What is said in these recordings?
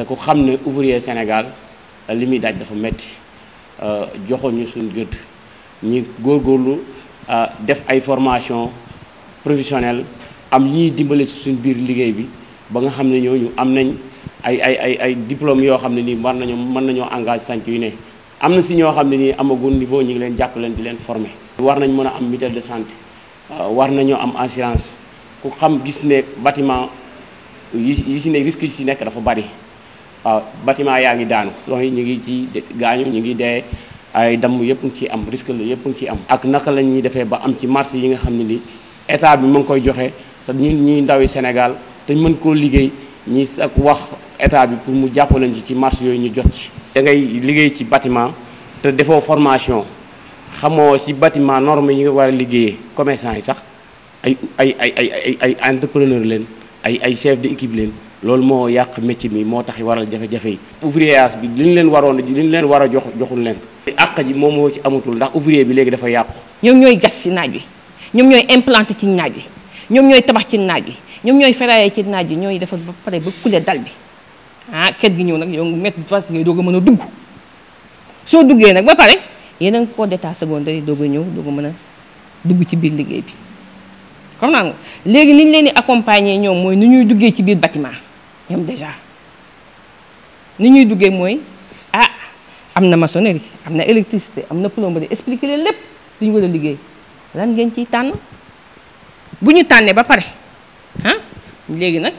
te ku xam ne ouvrier Sénégal li muy daj dafa metti euh, joxoon ñu suñ gëdd ñu góorgóorlu euh, def ay formation professionnelle am ñuy dimbale ci suñ biir liggéey bi ba nga xam ne ñu am nañ ay ay ay ay diplôme yoo xam ne nii war nañu mën nañoo engage sanc yu ne am na si ñoo xam ne nii amagul niveau ñu ngi leen jàpp leen di leen formé war nañ mën a am mutuelle de santé euh, war nañoo am assurance ku xam gis ne bâtiment yi yi si ne risque yi si nekk dafa bari waaw ah, batiment yaa ngi daanu loxo yi ñu ngi ci gaañu ñu ngi dee ay damm yëpp ngi ciy am risque la yëpp ngi ciy am ak naka la ñuy defee ba am ci marché yi nga xam ne li état bi mu ngi koy joxe te ñu ñuy ndawi Sénégal te mën koo liggéey ñi ak wax état bi pour mu jàppalañ ci ci marché yooyu ñu jot ci da ngay liggéey ci batiment te defoo formation xamoo ci batiment norme yi nga war a liggéeyee commerçant yi sax ay ay ay ay ay ay entrepreneur leen ay ay chef d'équipe leen loolu moo yàq métier mi moo tax waral jafe-jafe yi ouvrierage bi li ñu leen waroon li ñu leen war a jox joxul leen àq ji moom moo ci amatul ndax ouvrier bi léegi dafa yàqu ñoom ñooy gas ci naaj wi ñoom ñooy implanté ci naaj wi ñoom ñooy tabax ci naaj wi ñoom ñooy feraaye ci naaj wi ñooy defar ba pare ba kule dal bi ah ket gi ñëw nag yow mettre face ngay doog ko mën a dugg soo duggee nag ba pare yeneen corps d'état secondaire doog a ñëw doog a mën a dugg ci biir liggéey bi comme naan nga léegi ni leen di accompagner ñoom mooy nu ñuy duggee ci biir batiment ñoom déjà ni ñuy duggee mooy ah am na maçonnerie am na électricité am na plomberie expliquer leen lépp lu ñu war a liggéey lan ngeen ciy tànn bu ñu tànnee ba pare ah léegi nag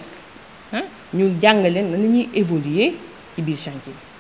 ah ñu jàng leen na la ñuy évoluer ci biir chantier